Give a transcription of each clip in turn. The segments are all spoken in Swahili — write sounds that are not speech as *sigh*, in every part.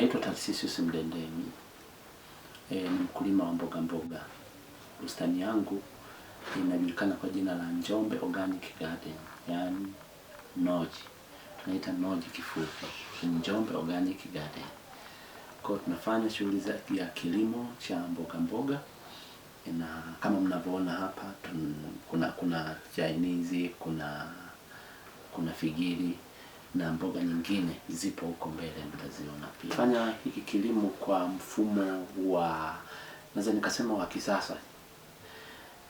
Naitwa Tarsisius Mdendemi. E, ni mkulima wa mboga mboga. Bustani yangu inajulikana kwa jina la Njombe Organic Garden, yani Noji. Tunaita Noji kifupi, Njombe Organic Garden. Kwa tunafanya shughuli za ya kilimo cha mboga mboga na kama mnavyoona hapa tun, kuna kuna chainizi, kuna kuna figiri na mboga nyingine zipo huko mbele mtaziona pia. Fanya hiki kilimo kwa mfumo wa naweza nikasema wa kisasa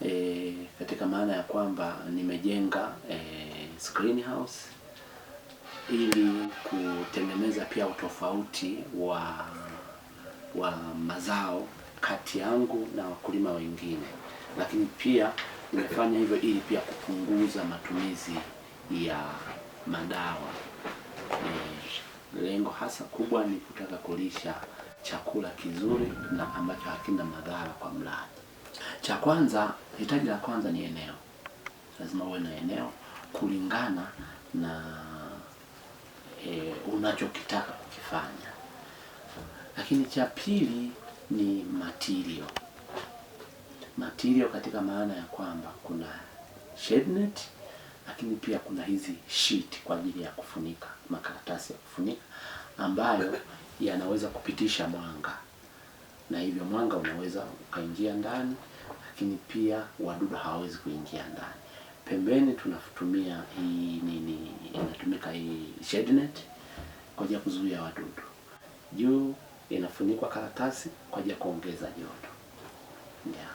e, katika maana ya kwamba nimejenga e, screen house ili kutengeneza pia utofauti wa wa mazao kati yangu na wakulima wengine, lakini pia nimefanya hivyo ili pia kupunguza matumizi ya madawa. Mm. Lengo hasa kubwa ni kutaka kulisha chakula kizuri na ambacho hakina madhara kwa mlaji. Cha kwanza, hitaji la kwanza ni eneo. Lazima uwe na eneo kulingana na e, unachokitaka kukifanya. Lakini cha pili ni material. Material katika maana ya kwamba kuna shade net lakini pia kuna hizi sheet kwa ajili ya kufunika, makaratasi ya kufunika ambayo yanaweza kupitisha mwanga na hivyo mwanga unaweza ukaingia ndani, lakini pia wadudu hawawezi kuingia ndani. Pembeni tunatumia hii nini, inatumika hii shade net kwa ajili ya kuzuia wadudu. Juu inafunikwa karatasi kwa ajili ya kuongeza joto yeah.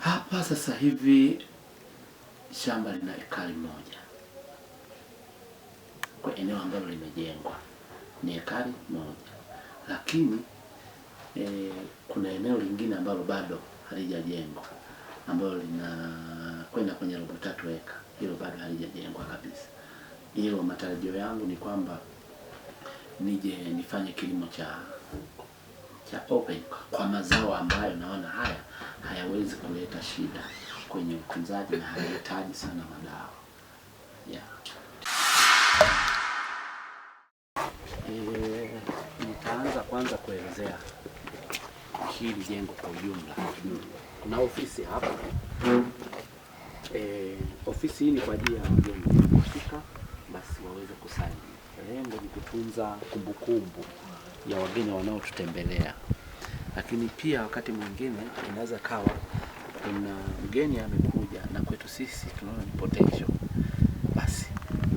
Hapa sasa hivi shamba lina ekari moja kwa eneo ambalo limejengwa ni ekari moja, lakini e, kuna eneo lingine ambalo bado halijajengwa ambalo linakwenda kwenye robo tatu eka, hilo bado halijajengwa kabisa. Hilo matarajio yangu ni kwamba nije nifanye kilimo cha cha open kwa mazao ambayo naona haya hayawezi kuleta shida kwenye utunzaji na haihitaji sana madawa yeah. E, nitaanza kwanza kuelezea hili jengo kwa ujumla. Kuna ofisi hapa e, ofisi hii ni kwa ajili ya wageni kufika basi waweze kusali. Lengo ni kutunza kumbukumbu ya wageni wanaotutembelea, lakini pia wakati mwingine inaweza kawa kuna mgeni amekuja na kwetu sisi tunaona ni potential, basi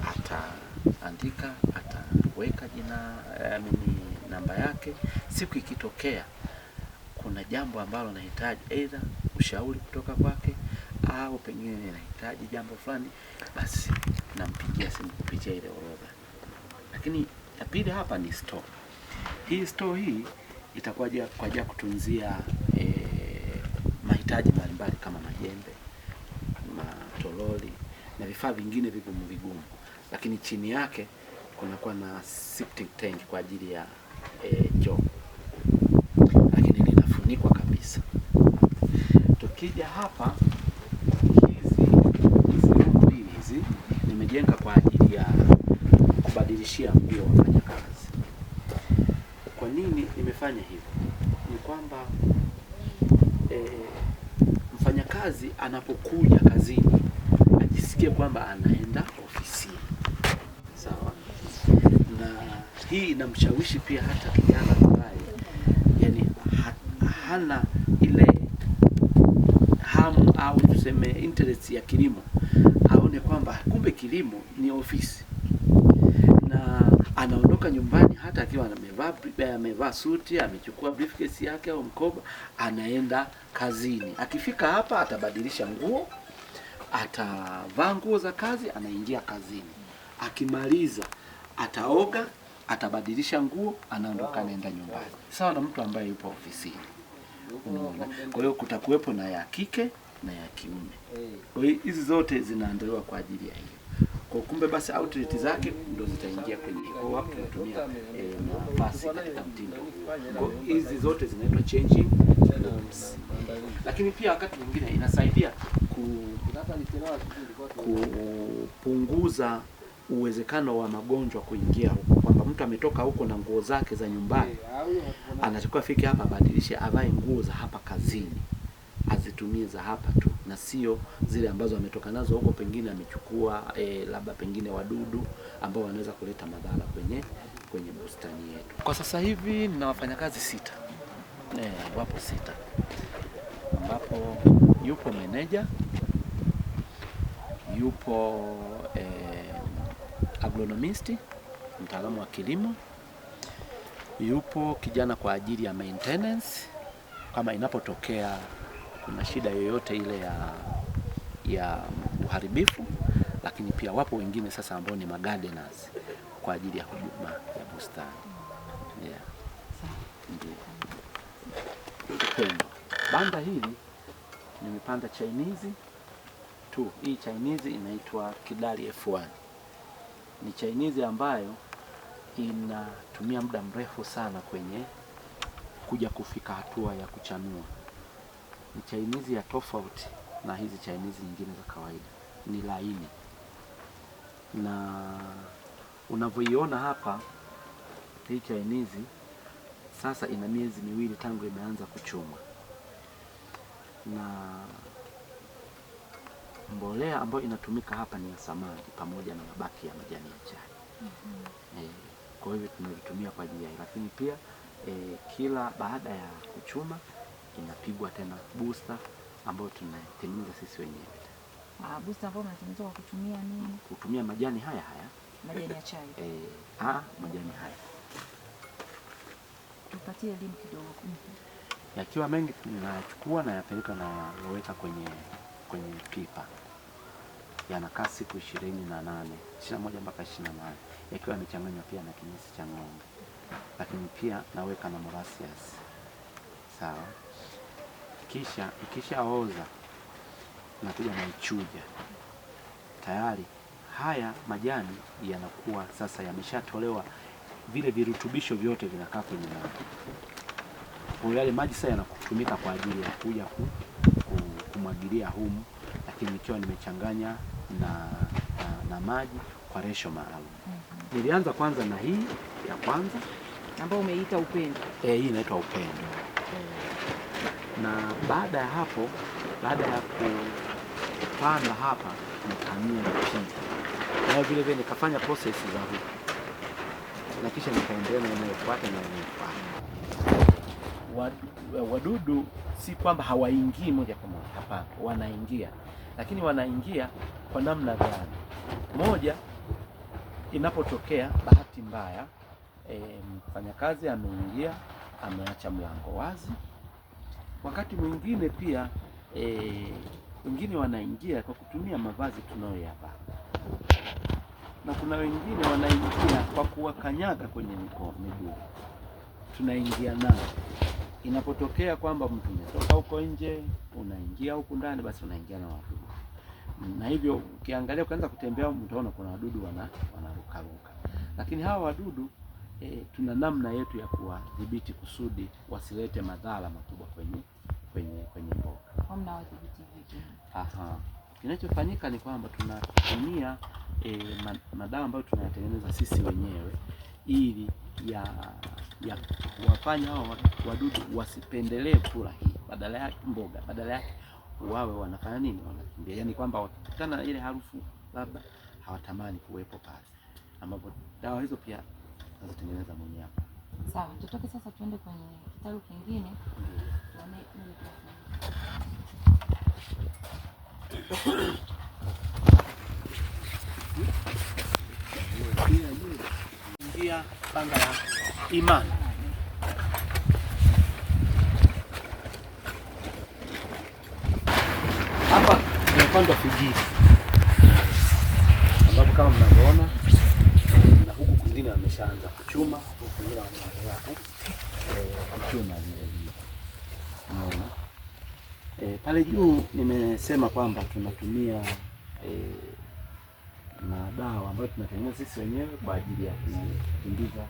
ataandika, ataweka jina mimi eh, namba yake. Siku ikitokea kuna jambo ambalo nahitaji aidha ushauri kutoka kwake au pengine nahitaji jambo fulani, basi nampigia simu kupitia ile orodha. Lakini ya pili hapa ni store. Hii store hii itakuwa kwa ajili ya kutunzia mahitaji mbalimbali kama majembe, matoroli na vifaa vingine vigumu vigumu, lakini chini yake kunakuwa na septic tank kwa ajili ya e, lakini linafunikwa kabisa. Tukija hapa, hizi mbili hizi nimejenga kwa ajili ya kubadilishia mbio wafanyakazi. Kwa nini nimefanya hivyo? Ni kwamba eh, mfanyakazi anapokuja kazini ajisikie kwamba anaenda ofisini, sawa. Na hii inamshawishi pia hata kijana ambaye yani ha hana ile hamu au tuseme interest ya kilimo, aone kwamba kumbe kilimo ni ofisi na anaondoka nyumbani hata akiwa amevaa eh, amevaa suti, amechukua briefcase yake au mkoba, anaenda kazini. Akifika hapa atabadilisha nguo, atavaa nguo za kazi, anaingia kazini. Akimaliza ataoga, atabadilisha nguo, anaondoka, anaenda nyumbani, sawa na mtu ambaye yupo ofisini. Unaona, kwa hiyo kutakuwepo na ya kike na ya kiume. Eh. Kwa hiyo hizi zote zinaandaliwa kwa ajili ya hiyo. Kwa kumbe basi outlet zake ndo zitaingia kwenye hiyo wapi tunatumia eh, nafasi katika mtindo. Kwa hizi zote zinaitwa changing norms. Lakini pia wakati mwingine inasaidia kupunguza uwezekano wa magonjwa kuingia huko, kwamba mtu ametoka huko na nguo zake za nyumbani, anatakiwa afike hapa abadilishe, avae nguo za hapa kazini, azitumie za hapa tu na sio zile ambazo ametoka nazo huko, pengine amechukua e, labda pengine wadudu ambao wanaweza kuleta madhara kwenye kwenye bustani yetu. Kwa sasa hivi nina wafanyakazi sita, e, wapo sita, ambapo yupo meneja, yupo e, eh, agronomisti mtaalamu wa kilimo, yupo kijana kwa ajili ya maintenance kama inapotokea kuna shida yoyote ile ya, ya uharibifu, lakini pia wapo wengine sasa ambao ni magardeners kwa ajili ya huduma ya bustani yeah. banda hili nimepanda chainizi tu. Hii chainizi inaitwa Kidali F1, ni chainizi ambayo inatumia muda mrefu sana kwenye kuja kufika hatua ya kuchanua ni chainizi ya tofauti na hizi chainizi nyingine za kawaida, ni laini na unavyoiona hapa, hii chainizi sasa ina miezi miwili tangu imeanza kuchuma na mbolea ambayo inatumika hapa ni ya samadi pamoja na mabaki ya majani ya chai. mm -hmm. E, kwa hivyo tunavitumia kwa ajili ya, lakini pia e, kila baada ya kuchuma inapigwa tena busta ambayo tunatengeneza sisi wenyewe. Ah, busta ambayo unatengeneza kwa kutumia nini? Kutumia majani haya haya, majani ya chai *laughs* eh, ah, majani haya. Tupatie elimu kidogo. Mm-hmm. Yakiwa mengi tunayachukua na yapeleka na yaweka kwenye kwenye pipa, yanakaa siku ishirini na nane ishirini na moja mpaka ishirini na nane yakiwa yamechanganywa pia na kinyesi cha ng'ombe, lakini pia naweka na morasiasi sawa. Kisha ikishaoza nakuja naichuja tayari. Haya majani yanakuwa sasa yameshatolewa vile virutubisho vyote, vinakaa kwenye maji. Kwa yale maji sasa yanakutumika kwa ajili ya kuja kumwagilia humu, lakini nikiwa nimechanganya na, na, na maji kwa resho maalum. mm -hmm. Nilianza kwanza na hii ya kwanza ambayo umeita upendo. Eh, hii inaitwa upendo na baada ya hapo, baada ya kupanda hapa nikahamia Mpinga, nayo vile vile nikafanya process za huko na kisha nikaendelea na inayofuata na inayofuata. Wadudu si kwamba hawaingii moja kwa moja, hapana, wanaingia, lakini wanaingia kwa namna gani? Moja, inapotokea bahati mbaya e, mfanyakazi ameingia ameacha mlango wazi Wakati mwingine pia e, wengine wanaingia kwa kutumia mavazi tunayoyavaa na kuna wengine wanaingia kwa kuwakanyaga kwenye mikono miguu, tunaingia nao. Inapotokea kwamba mtu umetoka huko nje unaingia huku ndani, basi unaingia na wadudu, na hivyo ukiangalia, ukianza kutembea, mtaona kuna wadudu wana wanarukaruka, lakini hawa wadudu e, tuna namna yetu ya kuwadhibiti kusudi wasilete madhara makubwa kwenye kwenye kwenye mboga. Mnawadhibiti vipi? Aha, kinachofanyika ni kwamba tunatumia e, madawa ambayo tunayatengeneza sisi wenyewe ili ya ya kuwafanya hao wadudu wasipendelee kula hii badala yake mboga, badala yake wawe wanafanya nini? Wanakimbia, yaani kwamba wakikutana ile harufu labda hawatamani kuwepo pale, ambapo dawa hizo pia sasa tengeneza hapa. Sawa, tutoke sasa tuende kwenye kitalu kingine tuone nini. Ingia panga ya imani. Hapa tunapanda figiri ambapo kama mnavyoona wengine wameshaanza kuchuma huku, wengine wanaendelea eh, kuchuma vile vile. e, pale juu nimesema kwamba tunatumia e, madawa ambayo tunatengeneza sisi wenyewe kwa ajili ya kukimbiza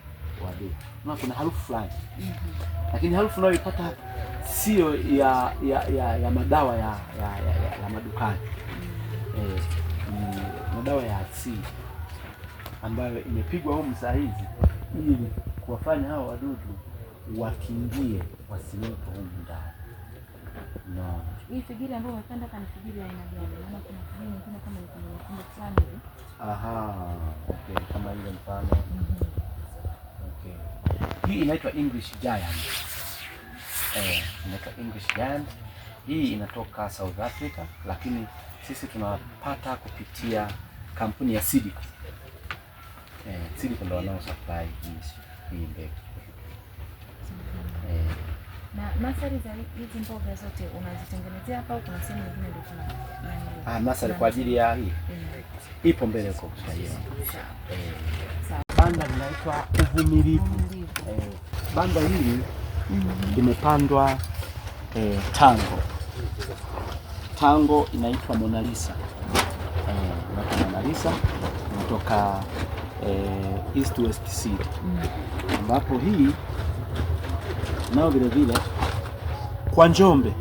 wadudu. Na kuna harufu fulani mm-hmm. Lakini harufu unayoipata sio ya ya, ya ya madawa ya ya, ya, ya madukani mm. Eh, madawa ya asili ambayo imepigwa humu saa hizi ili kuwafanya hao wadudu wakimbie wasiwepo humu ndani. Hii kama Aha. Okay, kama ile mfano. Mm -hmm. Okay. Hii inaitwa English Giant. Eh, inaitwa English Giant. Hii inatoka South Africa lakini sisi tunapata kupitia kampuni ya Sidi eh, Tsilico ndio wanao supply hii mbegu. Eh. na nasari za hizi mboga zote unazitengenezea hapa au kuna sehemu nyingine Ah, nasari kwa ajili ya hii mm. ipo mbele huko eh. banda linaitwa Uvumilivu. Eh, banda hili limepandwa eh, tango tango inaitwa Monalisa. Eh, Monalisa kutoka eh, East West City mm. ambapo mm. hii nao vile vile kwa Njombe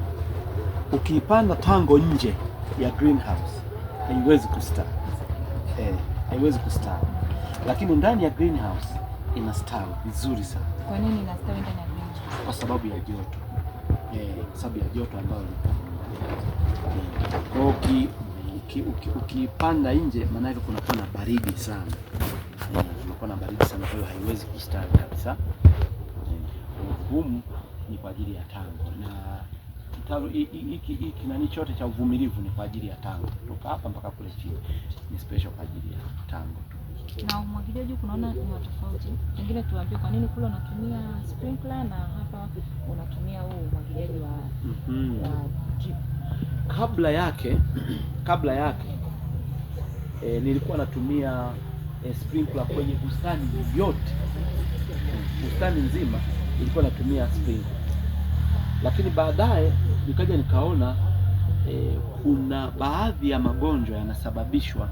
ukiipanda tango nje ya greenhouse haiwezi kustaa eh, haiwezi lakini ndani ya greenhouse inastawi vizuri sana. Kwa nini inastawi ndani ya greenhouse? Kwa sababu ya joto eh, kwa sababu ya joto ambayo ukiipanda uki, uki, uki nje maanake kunakuwa na baridi sana kulikuwa na baridi sana, kwa hiyo haiwezi kustawi kabisa. Ugumu ni kwa ajili ya tango na kitalu hiki nani chote cha uvumilivu ni kwa ajili ya tango, kutoka hapa mpaka kule chini ni special kwa ajili ya tango tu. Na umwagiliaji huku naona ni tofauti, pengine tuambie kwa nini kule unatumia sprinkler na hapa unatumia huu umwagiliaji wa, mm -hmm. wa drip. Kabla yake *clears throat* kabla yake e, nilikuwa natumia Eh, sprinkler kwenye bustani yote, bustani nzima ilikuwa natumia sprinkler, lakini baadaye nikaja nikaona e, kuna baadhi ya magonjwa yanasababishwa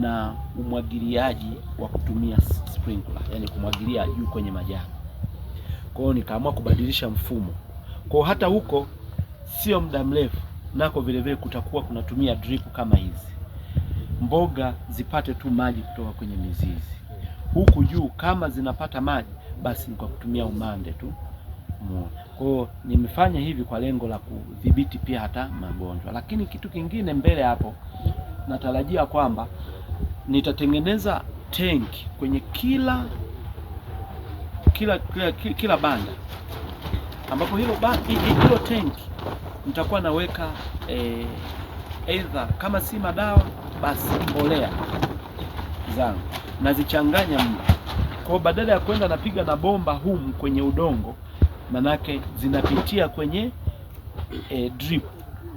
na umwagiliaji wa kutumia sprinkler, yani kumwagilia juu kwenye majani. Kwa hiyo nikaamua kubadilisha mfumo. Kwa hiyo hata huko sio muda mrefu nako vilevile kutakuwa kunatumia drip kama hizi mboga zipate tu maji kutoka kwenye mizizi. Huku juu kama zinapata maji, basi ni kwa kutumia umande tu. Kwa hiyo nimefanya hivi kwa lengo la kudhibiti pia hata magonjwa, lakini kitu kingine mbele hapo, natarajia kwamba nitatengeneza tenki kwenye kila kila kila, kila banda ambapo hilo hilo tenki nitakuwa naweka eh, either kama si madawa basi mbolea zangu nazichanganya mno. Kwa badala ya kwenda napiga na bomba humu kwenye udongo, manake zinapitia kwenye e, drip.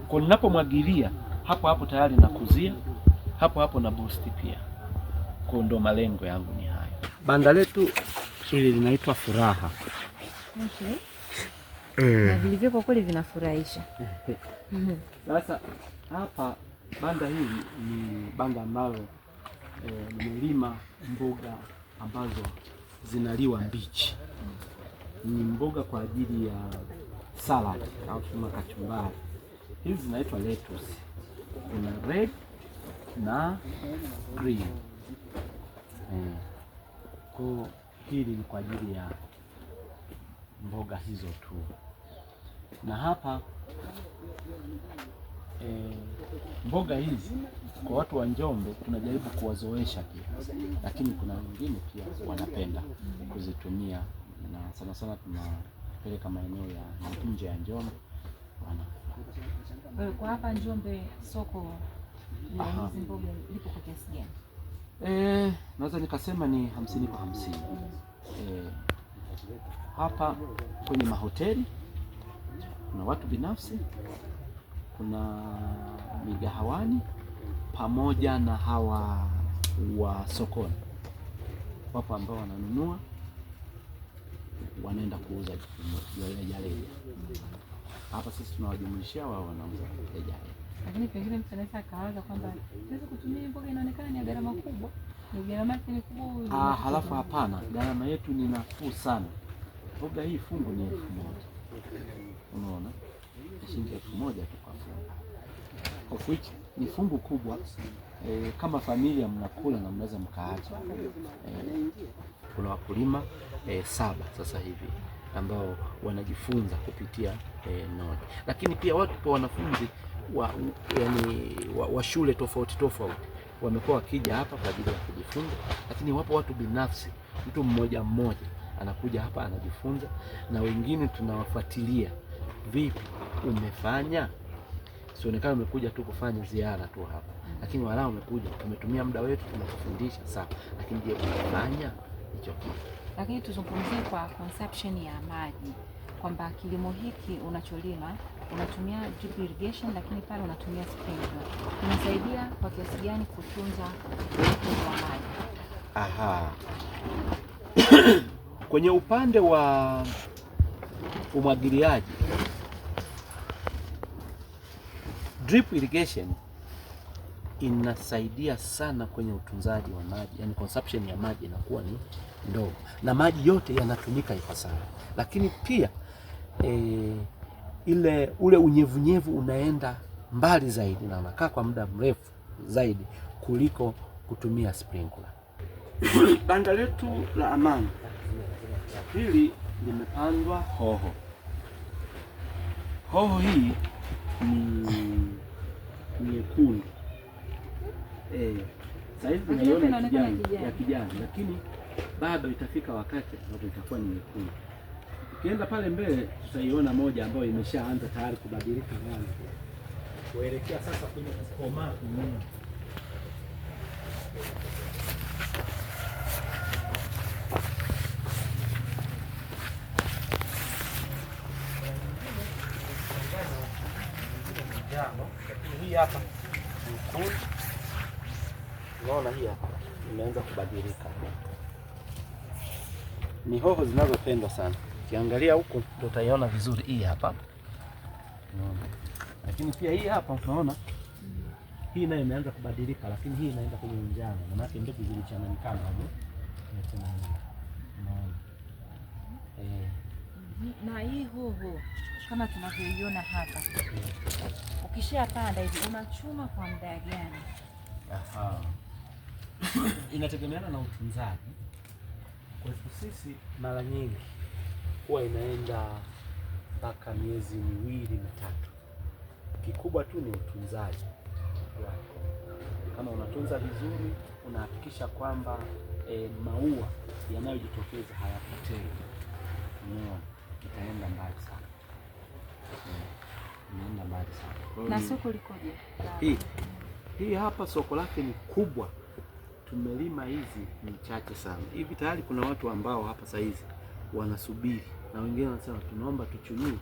Kwa ninapomwagilia hapo hapo tayari nakuzia hapo hapo na boost pia. Kwa ndo malengo yangu ni hayo. Banda letu hili linaitwa Furaha. Okay. Mm. Na vilivyo kwa kweli vinafurahisha. *laughs* Mm-hmm. Sasa hapa Banda hili ni banda ambalo nimelima eh, e, mboga ambazo zinaliwa mbichi. Ni mboga kwa ajili ya salad au kama kachumbari. Hizi zinaitwa lettuce. Kuna red na green e. Eh, kwa hili ni kwa ajili ya mboga hizo tu, na hapa e, mboga hizi kwa watu wa Njombe tunajaribu kuwazoesha pia, lakini kuna wengine pia wanapenda kuzitumia, na sana sana tunapeleka maeneo ya nje ya Njombe wana. Kwa hapa Njombe soko la hizi mboga lipo kwa kiasi gani? Eh, naweza nikasema ni hamsini kwa hamsini e, hapa kwenye mahoteli kuna watu binafsi kuna migahawani pamoja na hawa wa sokoni. Wapo ambao wananunua wanaenda kuuza rejareja. Hapa sisi tunawajumlishia wao wanauza rejareja, lakini pengine mtu anaweza akawaza kwamba siwezi kutumia mboga, inaonekana ni gharama kubwa, ni gharama ni kubwa. Ah, halafu hapana, gharama yetu ni nafuu sana. Mboga hii fungu ni elfu moja unaona shilingi elfu moja tu kwa fungu, of which ni fungu kubwa e, kama familia mnakula na mnaweza mkaacha e, kuna wakulima e, saba sasa hivi ambao wanajifunza kupitia e, Nodi, lakini pia wapo wanafunzi wa, yani, wa, wa shule tofauti tofauti wamekuwa wakija hapa kwa ajili ya kujifunza, lakini wapo watu binafsi, mtu mmoja mmoja anakuja hapa anajifunza, na wengine tunawafuatilia vipi umefanya? Sionekana umekuja tu kufanya ziara tu hapa, lakini wala umekuja umetumia muda wetu, tumekufundisha sawa, lakini je, umefanya hicho kitu? Lakini tuzungumzie kwa conception ya maji kwamba kilimo hiki unacholima unatumia drip irrigation, lakini pale unatumia sprinkler, inasaidia kwa kiasi gani kutunza wa maji? Aha. *coughs* kwenye upande wa umwagiliaji Drip irrigation inasaidia sana kwenye utunzaji wa maji, yani consumption ya maji inakuwa ni ndogo na maji yote yanatumika ipasavyo, lakini pia e, ile ule unyevunyevu unaenda mbali zaidi na unakaa kwa muda mrefu zaidi kuliko kutumia sprinkler. *coughs* Banda letu la Amani hili limepandwa hoho. Hoho hii ni nyekundu eh, sasa hivi tunaiona ya kijani, lakini bado itafika wakati ambapo itakuwa ni nyekundu. Ukienda pale mbele tutaiona moja ambayo imeshaanza tayari kubadilika rangi kuelekea sasa kwenye kukomaa. kahawia imeanza kubadilika. Ni hoho zinazopendwa sana, ukiangalia huko ndio utaiona vizuri hii hapa unaona. Lakini pia hii hapa unaona hii nayo imeanza kubadilika, lakini hii inaenda kwenye njano, maanake mbegu zilichanganyikana hapo eh. na hii hoho kama tunavyoiona hapa, ukishapanda hivi unachuma kwa muda gani? *laughs* inategemeana na utunzaji. Kwetu sisi mara nyingi huwa inaenda mpaka miezi miwili mitatu. Kikubwa tu ni utunzaji wake. Kama unatunza vizuri, unahakikisha kwamba e, maua yanayojitokeza hayapotei, unaona, itaenda mbali sana inaenda mbali sana. Na soko likoje hii? Hii hapa soko lake ni kubwa tumelima hizi ni chache sana. Hivi tayari kuna watu ambao hapa sasa hizi wanasubiri na wengine wanasema tunaomba tuchumie,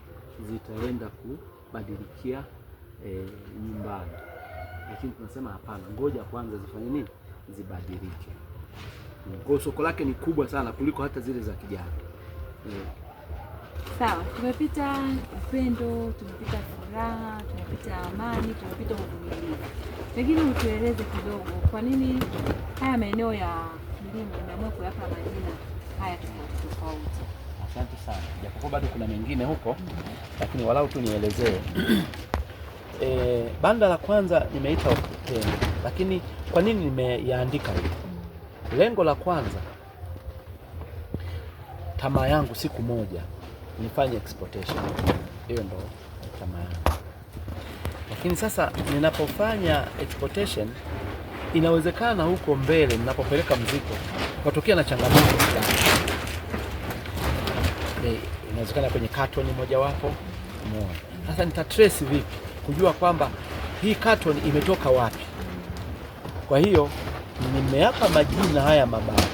zitaenda kubadilikia e, nyumbani, lakini tunasema hapana, ngoja kwanza zifanye nini, zibadilike. Kwa soko lake ni kubwa sana kuliko hata zile za kijani e. Sawa, tumepita upendo, tumepita furaha, tumepita amani, tumepita uvumilivu. Pengine utueleze kidogo, kwa nini haya maeneo ya mlima umeamua kuyapa majina haya tofauti tofauti? Asante sana, japokuwa bado kuna mengine huko mm -hmm. lakini walau tu nielezee E, *clears throat* banda la kwanza nimeita upendo, lakini kwa nini nimeyaandika hivi? Lengo la kwanza, tamaa yangu siku moja nifanye exportation. Hiyo ndo tamaa yangu, lakini sasa ninapofanya exportation, inawezekana huko mbele ninapopeleka mzigo katokea na changamoto fulani, eh, inawezekana kwenye katoni mojawapo moja. Sasa trace vipi kujua kwamba hii katoni imetoka wapi? Kwa hiyo nimeapa majina haya mabaya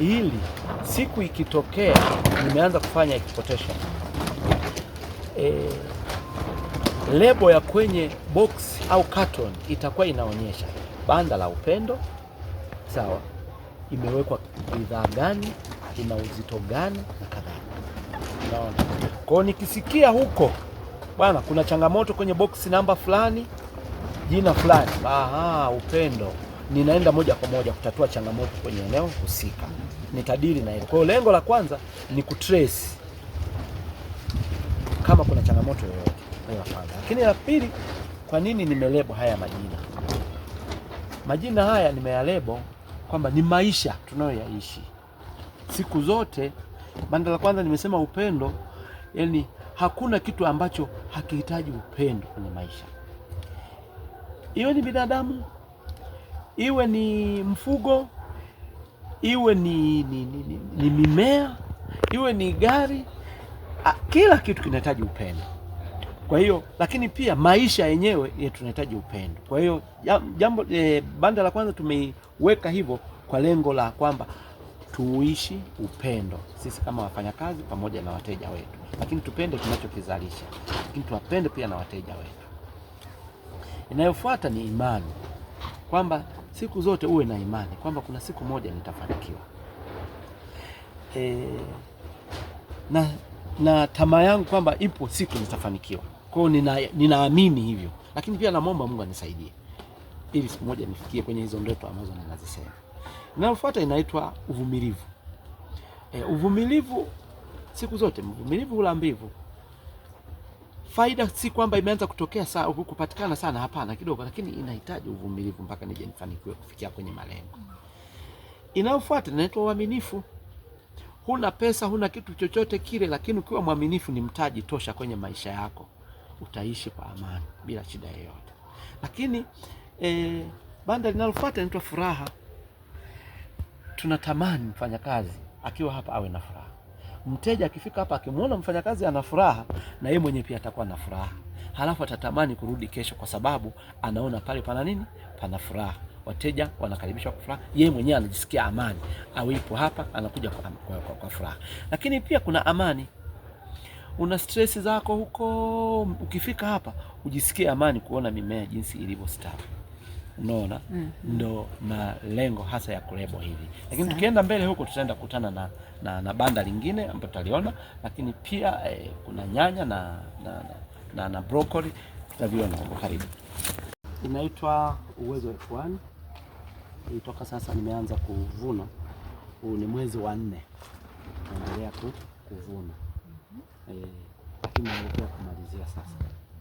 ili siku ikitokea nimeanza kufanya exportation e, lebo ya kwenye box au carton itakuwa inaonyesha banda la Upendo, sawa, imewekwa bidhaa gani, ina uzito gani na kadhalika. Naona kwao, nikisikia huko bwana, kuna changamoto kwenye box namba fulani, jina fulani, aha, Upendo ninaenda moja kwa moja kutatua changamoto kwenye eneo husika, nitadili na hilo. Kwa hiyo lengo la kwanza ni kutrace kama kuna changamoto yoyote kwanza, lakini la pili, kwa nini nimelebo haya majina? Majina haya nimeyalebo kwamba ni maisha tunayoyaishi siku zote. Banda la kwanza nimesema upendo, yani hakuna kitu ambacho hakihitaji upendo kwenye maisha, iwe ni binadamu iwe ni mfugo, iwe ni, ni, ni, ni, ni mimea, iwe ni gari, kila kitu kinahitaji upendo. Kwa hiyo lakini pia maisha yenyewe ya tunahitaji upendo. Kwa hiyo jambo e, banda la kwanza tumeiweka hivyo kwa lengo la kwamba tuishi upendo sisi kama wafanyakazi pamoja na wateja wetu, lakini tupende tunachokizalisha, lakini tuwapende pia na wateja wetu. Inayofuata ni imani kwamba Siku zote uwe na imani kwamba kuna siku moja nitafanikiwa. E, na, na tamaa yangu kwamba ipo siku nitafanikiwa. Kwa hiyo ninaamini hivyo, lakini pia namwomba Mungu anisaidie ili siku moja nifikie kwenye hizo ndoto ambazo ninazisema. Inayofuata inaitwa uvumilivu. E, uvumilivu siku zote mvumilivu hula mbivu. Faida si kwamba imeanza kutokea sa, kupatikana sana, hapana, kidogo, lakini inahitaji uvumilivu mpaka nije nifanikiwe kufikia kwenye malengo. Inayofuata inaitwa uaminifu. Huna pesa, huna kitu chochote kile, lakini ukiwa mwaminifu ni mtaji tosha kwenye maisha yako, utaishi kwa amani bila shida yoyote. Lakini eh, banda linalofuata inaitwa furaha. Tunatamani mfanyakazi akiwa hapa awe na furaha mteja akifika hapa akimwona mfanyakazi ana furaha, na yeye mwenyewe pia atakuwa na furaha, halafu atatamani kurudi kesho, kwa sababu anaona pale pana nini, pana furaha wateja wanakaribishwa kwa furaha, yeye mwenyewe anajisikia amani, awepo hapa anakuja kwa, kwa, kwa, kwa furaha. Lakini pia kuna amani, una stress zako huko, ukifika hapa ujisikie amani kuona mimea jinsi ilivyostawi unaona mm -hmm. Ndo lengo hasa ya kulebo hivi, lakini tukienda mbele huko tutaenda kukutana na, na, na banda lingine ambayo tutaliona, lakini pia eh, kuna nyanya na, na, na, na, na broccoli tutaviona huko karibu. Inaitwa Uwezo F1 toka sasa nimeanza kuvuna, huu ni mwezi wa nne naendelea tu kuvuna mm -hmm. Eh, lakini naelekea kumalizia sasa,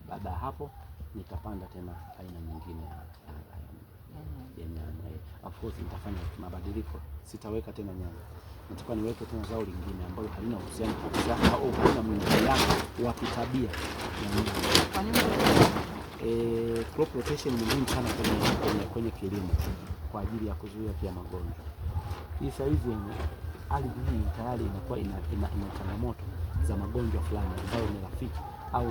baada ya hapo nikapanda tena aina nyingine ya nyanya. Of course nitafanya mabadiliko, sitaweka tena nyanya, nitakuwa niweke tena zao lingine ambalo halina uhusiano kabisa au halina mwingiliano wa kitabia crop rotation ni muhimu sana kwenye, kwenye, kwenye kilimo kwa ajili ya kuzuia pia magonjwa. Hii saizi ardhi hii tayari inakuwa ina, ina, ina changamoto za magonjwa fulani ambayo ni rafiki au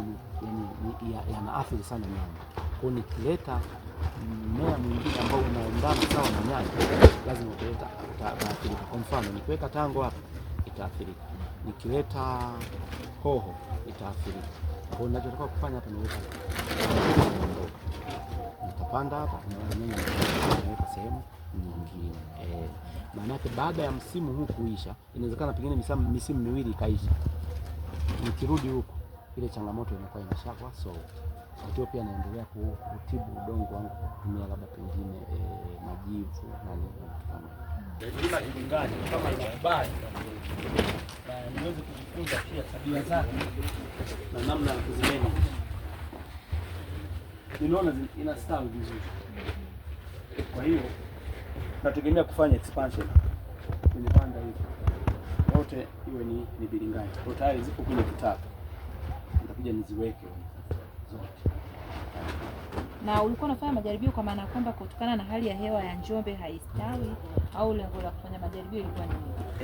yani, yanaathiri sana nyanya. Kwa nikileta mmea mwingine ambao unaendana sawa na nyanya, lazima utaleta utaathirika. Kwa mfano nikiweka tango hapa itaathirika, nikileta hoho itaathirika. Kwa hiyo ninachotaka kufanya hapa niweka nitapanda hapa na nyanya nitaweka sehemu nyingine eh, maana yake baada ya msimu huu kuisha, inawezekana pengine misimu miwili ikaisha, nikirudi huku ile changamoto inakuwa inashakwa. so akiwa pia naendelea kutibu udongo wangu kwa kutumia labda pengine e, majivu na nini kama kulima kama eh, na namna Ninaona inastawi vizuri, kwa hiyo nategemea kufanya expansion kwenye banda hivi yote, iwe ni ni bilingani, kwa tayari zipo kwenye kitabu nitakuja niziweke zote. Na ulikuwa unafanya majaribio kwa maana ya kwamba kutokana na hali ya hewa ya Njombe haistawi au lengo la kufanya majaribio ilikuwa nini?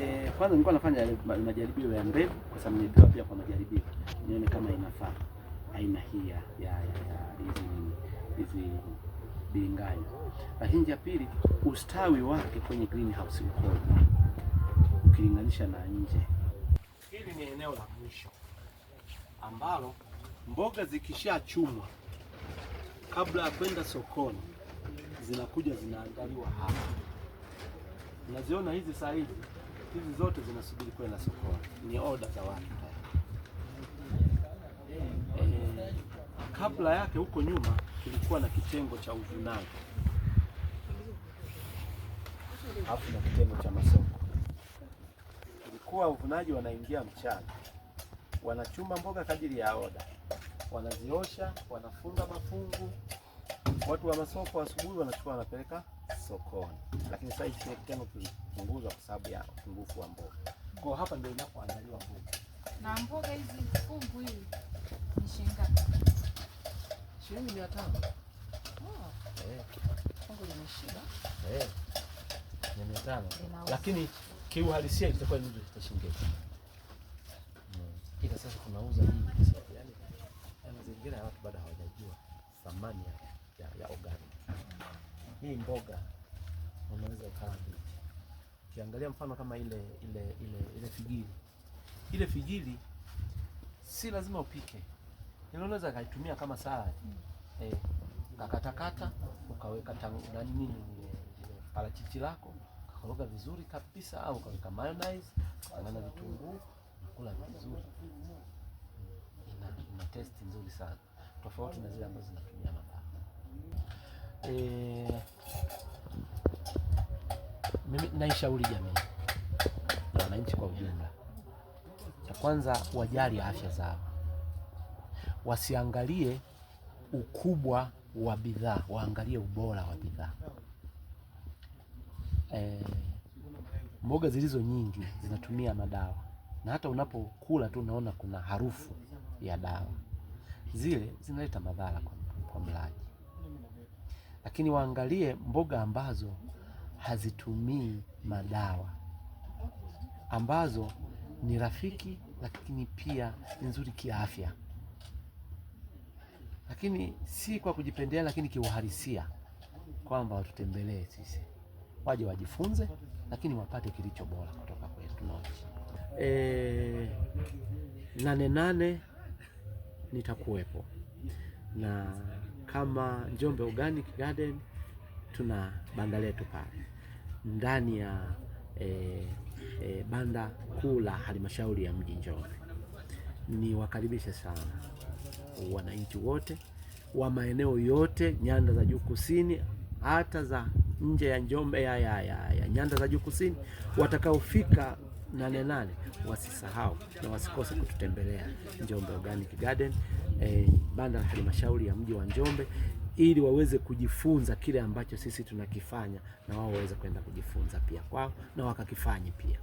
Eh, kwanza nilikuwa nafanya majaribio ya mbegu kwa sababu nilipewa pia kwa majaribio nione kama inafaa aina hii ya ya hizi hizi biringanya. Lakini ya pili ustawi wake kwenye greenhouse ukoje ukilinganisha na nje. Hili ni eneo la mwisho ambalo mboga zikishachumwa kabla ya kwenda sokoni zinakuja zinaandaliwa hapa. Unaziona hizi saa hizi, hizi zote zinasubiri kwenda sokoni, ni oda za watu tayari. Eh, kabla yake huko nyuma kulikuwa na kitengo cha uvunaji alafu na kitengo cha masoko. Ilikuwa uvunaji wanaingia mchana wanachuma mboga kwa ajili ya oda, wanaziosha, wanafunga mafungu. Watu wa masoko asubuhi wanachukua wanapeleka sokoni, lakini sasa hivi tena kupunguzwa kwa sababu ya upungufu wa mboga. Kwa hiyo hapa ndio inapoandaliwa mboga na mboga hizi fungu hili ni shilingi ngapi? Shilingi mia tano. Oh. Eh. Fungu limeshiba eh. mia tano, lakini kiuhalisia itakuwa ni shilingi tunauza hii sasa. Yani ya mazingira ya watu bado hawajajua thamani ya, ya, ya organic. Hii mboga unaweza ukala bichi. Ukiangalia mfano kama ile ile ile ile figili. Ile figili si lazima upike. Ile unaweza kaitumia kama salad. Mm. Eh, kakatakata ukaweka tangu na nini parachichi lako kakoroga vizuri kabisa, au ukaweka mayonnaise, na vitunguu, kula vizuri na test nzuri sana, tofauti na zile ambazo zinatumia madawa. E, mimi naishauri jamii, na wananchi kwa ujumla, cha kwanza wajali afya zao, wasiangalie ukubwa wa bidhaa, waangalie ubora wa bidhaa. E, mboga zilizo nyingi zinatumia madawa na hata unapokula tu unaona kuna harufu ya dawa zile zinaleta madhara kwa mlaji, lakini waangalie mboga ambazo hazitumii madawa, ambazo ni rafiki lakini pia ni nzuri kiafya, lakini si kwa kujipendea, lakini kiuhalisia, kwamba watutembelee sisi waje wajifunze, lakini wapate kilicho bora kutoka kwetu. e, nane nane nitakuwepo, na kama Njombe Organic Garden tuna banda letu pale ndani ya e, e, banda kuu la halmashauri ya mji Njombe. Niwakaribishe sana wananchi wote wa maeneo yote nyanda za juu kusini, hata za nje ya Njombe ya, ya, ya, ya nyanda za juu kusini watakaofika nane nane, wasisahau na wasikose kututembelea Njombe Organic Garden eh, banda la halmashauri ya mji wa Njombe ili waweze kujifunza kile ambacho sisi tunakifanya na wao waweze kwenda kujifunza pia kwao na wakakifanye pia.